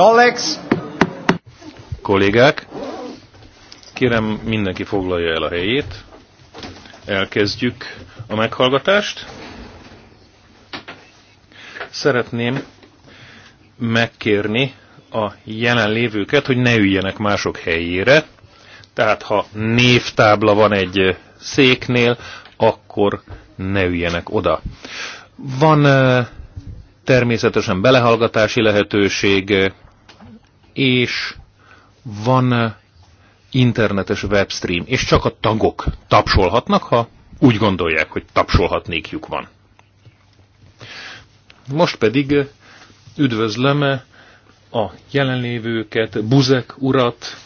Colleagues. Kollégák, kérem mindenki foglalja el a helyét. Elkezdjük a meghallgatást. Szeretném megkérni a jelenlévőket, hogy ne üljenek mások helyére. Tehát ha névtábla van egy széknél, akkor ne üljenek oda. Van természetesen belehallgatási lehetőség, és van internetes webstream, és csak a tagok tapsolhatnak, ha úgy gondolják, hogy tapsolhatnékjuk van. Most pedig üdvözlöm a jelenlévőket, Buzek urat,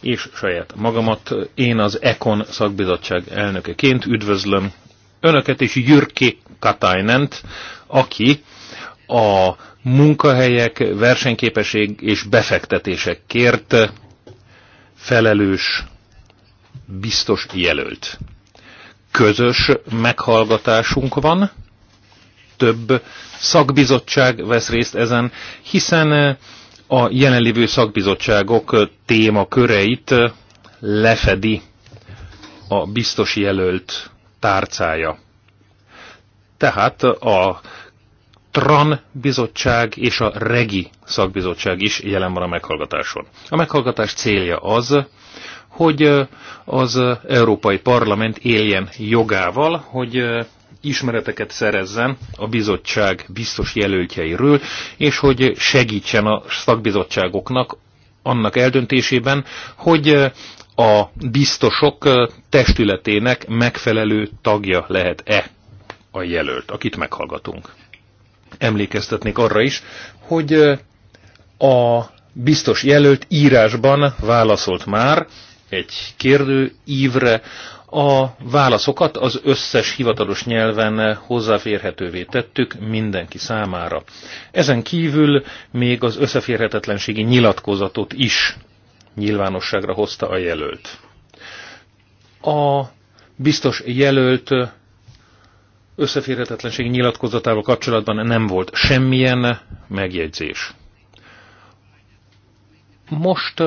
és saját magamat. Én az Ekon szakbizottság elnökeként üdvözlöm Önöket és Jürki Katainent, aki a munkahelyek, versenyképesség és befektetések kért felelős biztos jelölt. Közös meghallgatásunk van, több szakbizottság vesz részt ezen, hiszen eh, a jelenlévő szakbizottságok témaköreit eh, lefedi a biztos jelölt tárcája. Tehát eh, a TRAN bizottság és a REGI szakbizottság is jelen van a meghallgatáson. A meghallgatás célja az, hogy az Európai Parlament éljen jogával, hogy ismereteket szerezzen a bizottság biztos jelöltjeiről, és hogy segítsen a szakbizottságoknak annak eldöntésében, hogy a biztosok testületének megfelelő tagja lehet-e a jelölt, akit meghallgatunk emlékeztetnék arra is, hogy a biztos jelölt írásban válaszolt már egy kérdő ívre, a válaszokat az összes hivatalos nyelven hozzáférhetővé tettük mindenki számára. Ezen kívül még az összeférhetetlenségi nyilatkozatot is nyilvánosságra hozta a jelölt. A biztos jelölt összeférhetetlenség nyilatkozatával kapcsolatban nem volt semmilyen megjegyzés. Most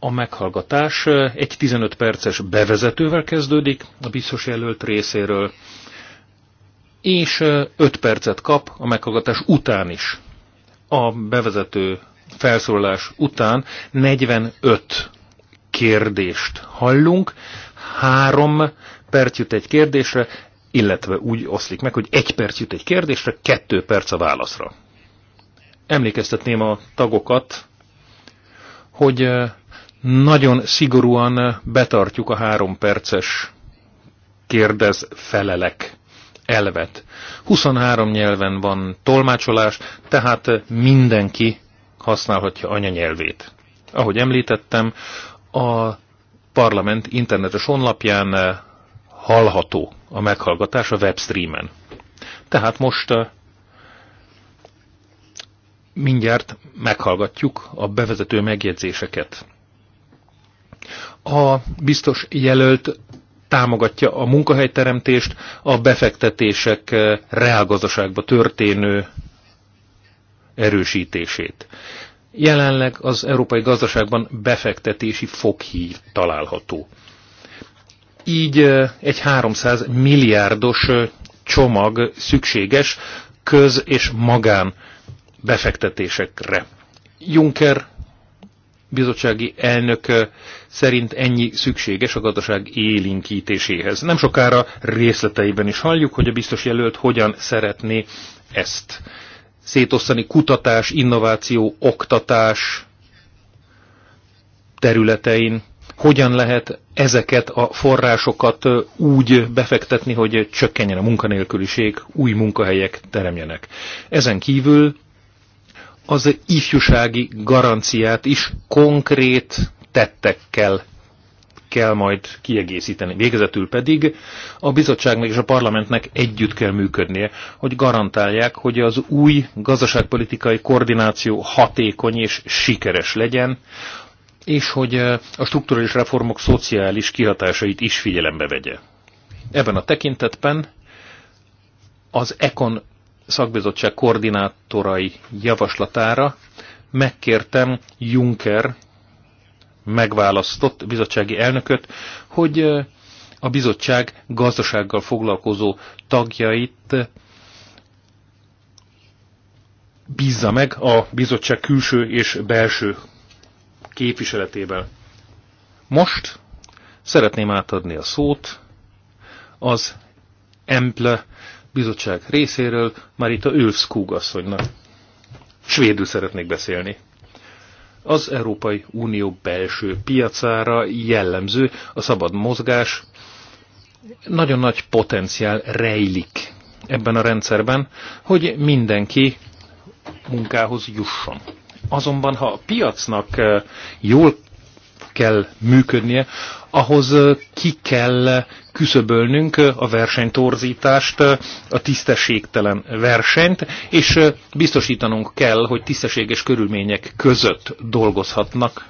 a meghallgatás egy 15 perces bevezetővel kezdődik a biztos jelölt részéről, és 5 percet kap a meghallgatás után is. A bevezető felszólás után 45 kérdést hallunk, három perc jut egy kérdésre, illetve úgy oszlik meg, hogy egy perc jut egy kérdésre, kettő perc a válaszra. Emlékeztetném a tagokat, hogy eh, nagyon szigorúan betartjuk a három perces kérdez-felelek elvet. 23 nyelven van tolmácsolás, tehát mindenki használhatja anyanyelvét. Ahogy említettem, a parlament internetes honlapján eh, hallható a meghallgatás a webstreamen. Tehát most mindjárt meghallgatjuk a bevezető megjegyzéseket. A biztos jelölt támogatja a munkahelyteremtést, a befektetések reálgazdaságba történő erősítését. Jelenleg az európai gazdaságban befektetési foghív található. Így egy 300 milliárdos csomag szükséges köz- és magán befektetésekre. Juncker bizottsági elnök szerint ennyi szükséges a gazdaság élinkítéséhez. Nem sokára részleteiben is halljuk, hogy a biztos jelölt hogyan szeretné ezt szétosztani kutatás, innováció, oktatás területein hogyan lehet ezeket a forrásokat úgy befektetni, hogy csökkenjen a munkanélküliség, új munkahelyek teremjenek. Ezen kívül az ifjúsági garanciát is konkrét tettekkel kell majd kiegészíteni. Végezetül pedig a bizottságnak és a parlamentnek együtt kell működnie, hogy garantálják, hogy az új gazdaságpolitikai koordináció hatékony és sikeres legyen, és hogy a strukturális reformok szociális kihatásait is figyelembe vegye. Ebben a tekintetben az Ekon szakbizottság koordinátorai javaslatára megkértem Juncker megválasztott bizottsági elnököt, hogy a bizottság gazdasággal foglalkozó tagjait bízza meg a bizottság külső és belső képviseletével. Most szeretném átadni a szót az Emple bizottság részéről Marita Ölfskúg asszonynak. Svédül szeretnék beszélni. Az Európai Unió belső piacára jellemző a szabad mozgás, nagyon nagy potenciál rejlik ebben a rendszerben, hogy mindenki munkához jusson. Azonban, ha a piacnak jól kell működnie, ahhoz ki kell küszöbölnünk a versenytorzítást, a tisztességtelen versenyt, és biztosítanunk kell, hogy tisztességes körülmények között dolgozhatnak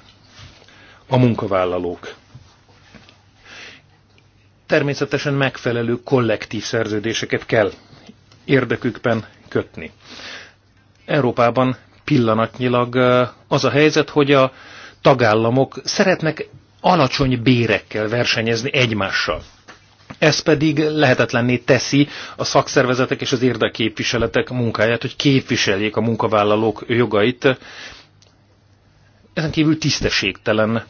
a munkavállalók. Természetesen megfelelő kollektív szerződéseket kell érdekükben kötni. Európában pillanatnyilag az a helyzet, hogy a tagállamok szeretnek alacsony bérekkel versenyezni egymással. Ez pedig lehetetlenné teszi a szakszervezetek és az érdeképviseletek munkáját, hogy képviseljék a munkavállalók jogait. Ezen kívül tisztességtelen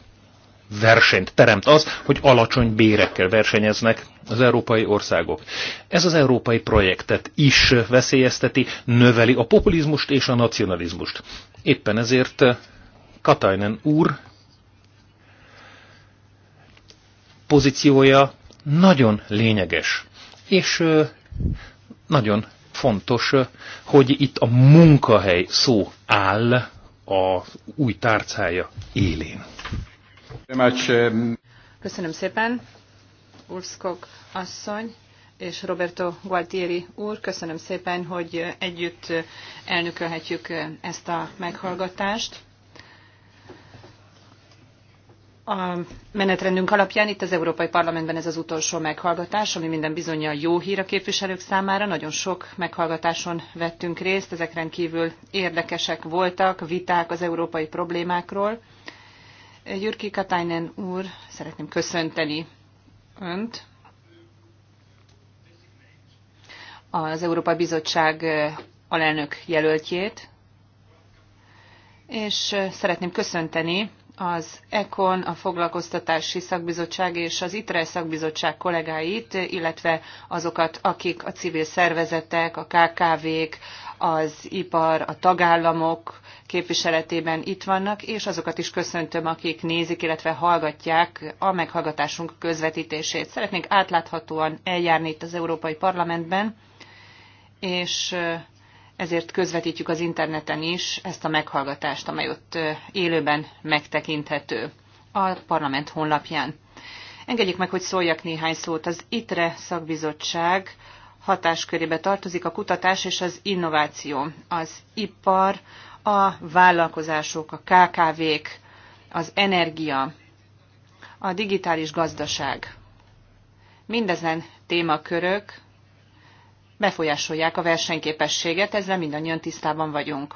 versenyt teremt az, hogy alacsony bérekkel versenyeznek az európai országok. Ez az európai projektet is veszélyezteti, növeli a populizmust és a nacionalizmust. Éppen ezért Katajnen úr pozíciója nagyon lényeges, és nagyon fontos, hogy itt a munkahely szó áll a új tárcája élén. Um, köszönöm szépen, Ulfskog asszony és Roberto Gualtieri úr, köszönöm szépen, hogy együtt elnökölhetjük ezt a meghallgatást. A menetrendünk alapján itt az Európai Parlamentben ez az utolsó meghallgatás, ami minden bizonyja jó hír a képviselők számára. Nagyon sok meghallgatáson vettünk részt, ezek rendkívül érdekesek voltak, viták az európai problémákról. Gyürki Katainen úr, szeretném köszönteni Önt. Az Európai Bizottság alelnök jelöltjét, és szeretném köszönteni az ECON, a Foglalkoztatási Szakbizottság és az ITRE Szakbizottság kollégáit, illetve azokat, akik a civil szervezetek, a KKV-k, az ipar, a tagállamok képviseletében itt vannak, és azokat is köszöntöm, akik nézik, illetve hallgatják a meghallgatásunk közvetítését. Szeretnénk átláthatóan eljárni itt az Európai Parlamentben, és ezért közvetítjük az interneten is ezt a meghallgatást, amely ott élőben megtekinthető a parlament honlapján. Engedjék meg, hogy szóljak néhány szót. Az ITRE szakbizottság hatáskörébe tartozik a kutatás és az innováció, az ipar, a vállalkozások, a KKV-k, az energia, a digitális gazdaság. Mindezen témakörök befolyásolják a versenyképességet, ezzel mindannyian tisztában vagyunk.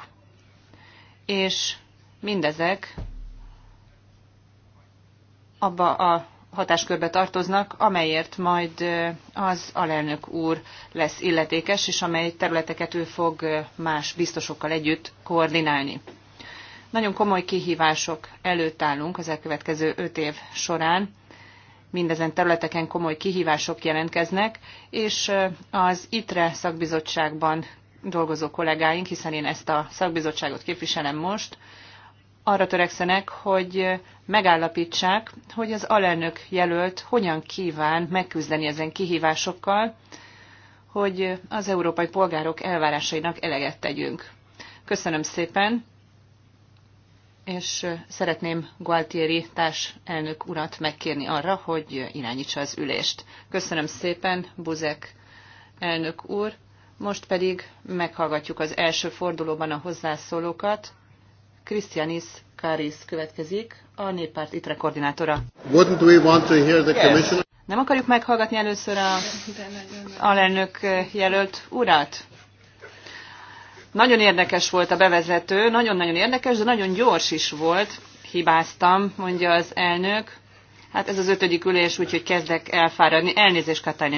És mindezek abba a hatáskörbe tartoznak, amelyért majd az alelnök úr lesz illetékes, és amely területeket ő fog más biztosokkal együtt koordinálni. Nagyon komoly kihívások előtt állunk az elkövetkező öt év során, mindezen területeken komoly kihívások jelentkeznek, és az ITRE szakbizottságban dolgozó kollégáink, hiszen én ezt a szakbizottságot képviselem most, arra törekszenek, hogy megállapítsák, hogy az alelnök jelölt hogyan kíván megküzdeni ezen kihívásokkal, hogy az európai polgárok elvárásainak eleget tegyünk. Köszönöm szépen! és szeretném Gualtieri társ elnök urat megkérni arra, hogy irányítsa az ülést. Köszönöm szépen, Buzek elnök úr. Most pedig meghallgatjuk az első fordulóban a hozzászólókat. Krisztianis Karis következik, a néppárt ITRE koordinátora. Wouldn't we want to hear the commission? Nem akarjuk meghallgatni először a alelnök jelölt urat? Nagyon érdekes volt a bevezető, nagyon-nagyon érdekes, de nagyon gyors is volt. Hibáztam, mondja az elnök. Hát ez az ötödik ülés, úgyhogy kezdek elfáradni. Elnézést, Katalin